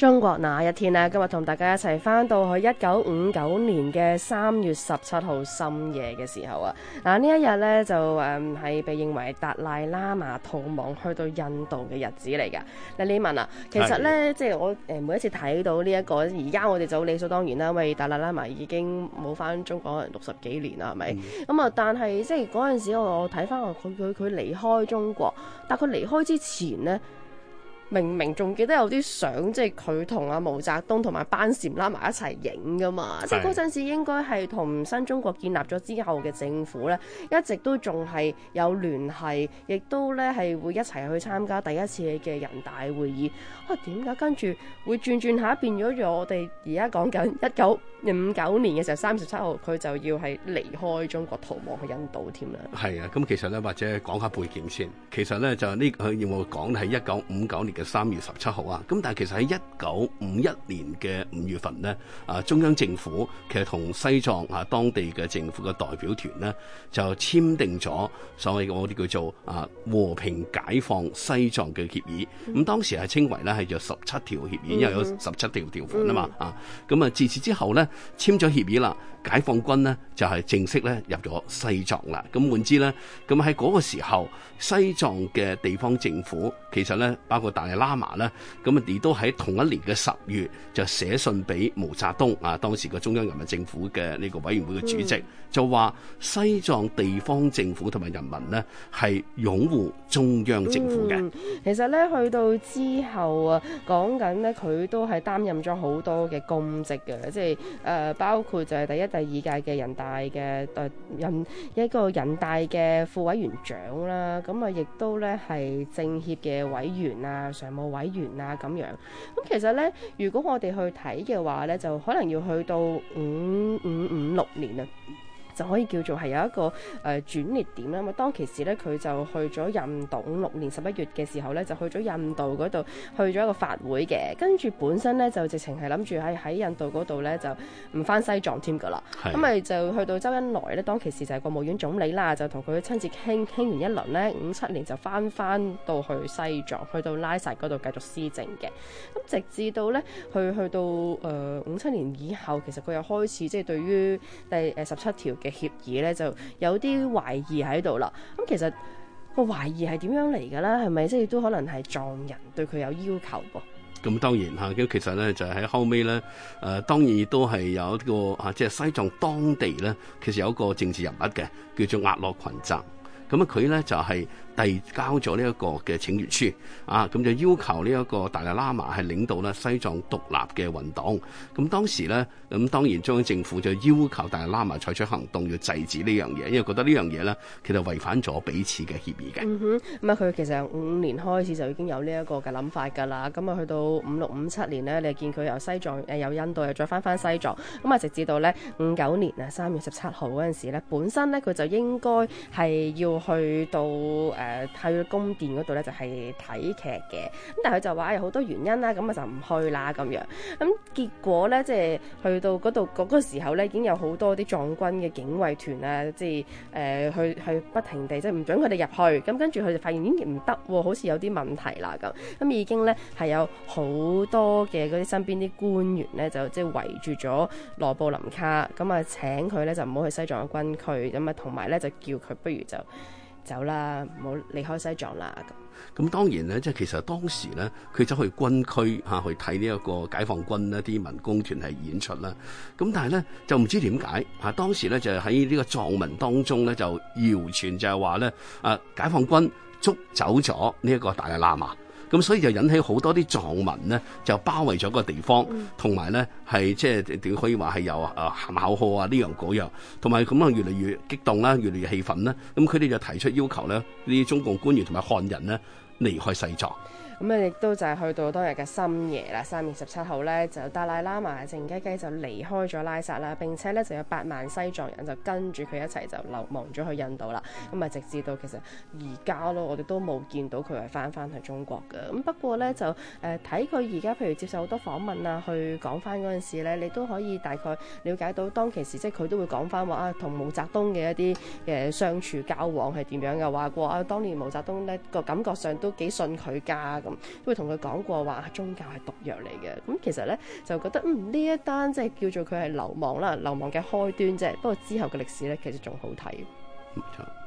中國那一天咧？今日同大家一齊翻到去一九五九年嘅三月十七號深夜嘅時候啊！嗱，呢一日呢，就誒係、嗯、被認為達賴喇嘛逃亡去到印度嘅日子嚟噶。嗱，你問啊，其實呢，的即係我誒每一次睇到呢、這、一個，而家我哋就理所當然啦，因為達賴喇嘛已經冇翻中國六十幾年啦，係咪？咁啊、嗯，但係即係嗰陣時我睇翻佢佢佢離開中國，但佢離開之前呢。明明仲記得有啲相，即係佢同阿毛澤東同埋班禪拉埋一齊影㗎嘛，即係嗰陣時應該係同新中國建立咗之後嘅政府呢，一直都仲係有聯繫，亦都呢係會一齊去參加第一次嘅人大會議。啊，點解跟住會轉轉下變咗做我哋而家講緊一九五九年嘅時候三月十七號，佢就要係離開中國逃亡去印度添啦。係啊，咁其實呢，或者講下背景先，其實呢，就呢佢要我講係一九五九年，三月十七號啊，咁但係其實喺一九五一年嘅五月份咧，啊中央政府其實同西藏啊當地嘅政府嘅代表團咧，就簽訂咗所謂我哋叫做啊和平解放西藏嘅協議，咁、嗯、當時係稱為咧係有十七條協議，因為、嗯、有十七條條款啊嘛、嗯、啊。咁啊自此之後咧，簽咗協議啦，解放軍咧就係、是、正式咧入咗西藏啦。咁換之咧，咁喺嗰個時候，西藏嘅地方政府其實咧包括大喇嘛咧，咁啊亦都喺同一年嘅十月就寫信俾毛澤東啊，當時個中央人民政府嘅呢個委員會嘅主席，嗯、就話西藏地方政府同埋人民呢係擁護中央政府嘅、嗯。其實咧去到之後啊，講緊呢，佢都係擔任咗好多嘅公職嘅，即係誒、呃、包括就係第一、第二屆嘅人大嘅、呃、人一個人大嘅副委員長啦，咁啊亦都咧係政協嘅委員啊。常務委員啊，咁樣咁，其實咧，如果我哋去睇嘅話咧，就可能要去到五五五六年啦。就可以叫做係有一個誒轉捩點啦。咁當其時咧，佢就去咗印度。五六年十一月嘅時候咧，就去咗印度嗰度，去咗一個法會嘅。跟住本身咧，就直情係諗住喺喺印度嗰度咧，就唔翻西藏添噶啦。咁咪的就去到周恩來咧。當其時就係國務院總理啦，就同佢親自傾，傾完一輪咧，五七年就翻翻到去西藏，去到拉薩嗰度繼續施政嘅。咁直至到咧去去到誒五七年以後，其實佢又開始即係對於第誒十七條嘅協議咧，就有啲懷疑喺度啦。咁其實個懷疑係點樣嚟嘅咧？係咪即係都可能係藏人對佢有要求噃？咁當然嚇，咁其實咧就係喺後尾咧，誒、呃、當然亦都係有一個啊，即係西藏當地咧，其實有一個政治人物嘅叫做阿洛群則。咁啊佢咧就係、是。遞交咗呢一個嘅請願書啊，咁就要求呢一個達賴喇嘛係領導咧西藏獨立嘅運動。咁當時呢，咁當然中央政府就要求達賴喇嘛採取行動，要制止呢樣嘢，因為覺得呢樣嘢呢，其實違反咗彼此嘅協議嘅。咁啊、嗯，佢、嗯、其實五年開始就已經有呢一個嘅諗法㗎啦。咁、嗯、啊，去到五六五七年呢，你見佢由西藏誒由、呃、印度又再返返西藏，咁、嗯、啊直至到呢，五九年啊三月十七號嗰陣時咧，本身呢，佢就應該係要去到誒。呃誒，去宮殿嗰度咧就係睇劇嘅，咁但係佢就話有好多原因啦，咁啊就唔去啦，咁樣，咁結果咧即係去到嗰度嗰個時候咧，已經有好多啲藏軍嘅警衛團啊，即係誒、呃、去去不停地即係唔准佢哋入去，咁跟住佢就發現已經唔得，好似有啲問題啦咁，咁已經咧係有好多嘅嗰啲身邊啲官員咧就即係圍住咗羅布林卡，咁啊請佢咧就唔好去西藏嘅軍區，咁啊同埋咧就叫佢不如就。走啦，唔好離開西藏啦。咁咁當然咧，即係其實當時咧，佢走去軍區吓、啊、去睇呢一個解放軍呢啲民工團係演出啦。咁、啊、但係咧就唔知點解吓，當時咧就喺呢個藏民當中咧就謠傳就係話咧，誒、啊、解放軍捉走咗呢一個大喇嘛。咁所以就引起好多啲藏民咧，就包圍咗個地方，同埋咧係即係點可以話係有誒、呃、喊口號啊呢樣嗰樣，同埋咁啊，越嚟越激動啦，越嚟越氣憤啦、啊，咁佢哋就提出要求咧，啲中共官員同埋漢人咧離開西藏。咁啊，亦都就係去到當日嘅深夜啦。三月十七號咧，就達賴喇嘛靜雞雞就離開咗拉薩啦。並且咧，就有八萬西藏人就跟住佢一齊就流亡咗去印度啦。咁啊，直至到其實而家咯，我哋都冇見到佢係翻翻去中國嘅。咁不過咧，就誒睇佢而家譬如接受好多訪問啊，去講翻嗰陣時咧，你都可以大概了解到當其時，即係佢都會講翻話啊，同毛澤東嘅一啲誒相處交往係點樣嘅話過啊，啊。當年毛澤東咧個感覺上都幾信佢㗎。」都會同佢講過話，宗教係毒藥嚟嘅，咁其實呢，就覺得嗯呢一單即係叫做佢係流亡啦，流亡嘅開端即係。不過之後嘅歷史呢，其實仲好睇。冇錯。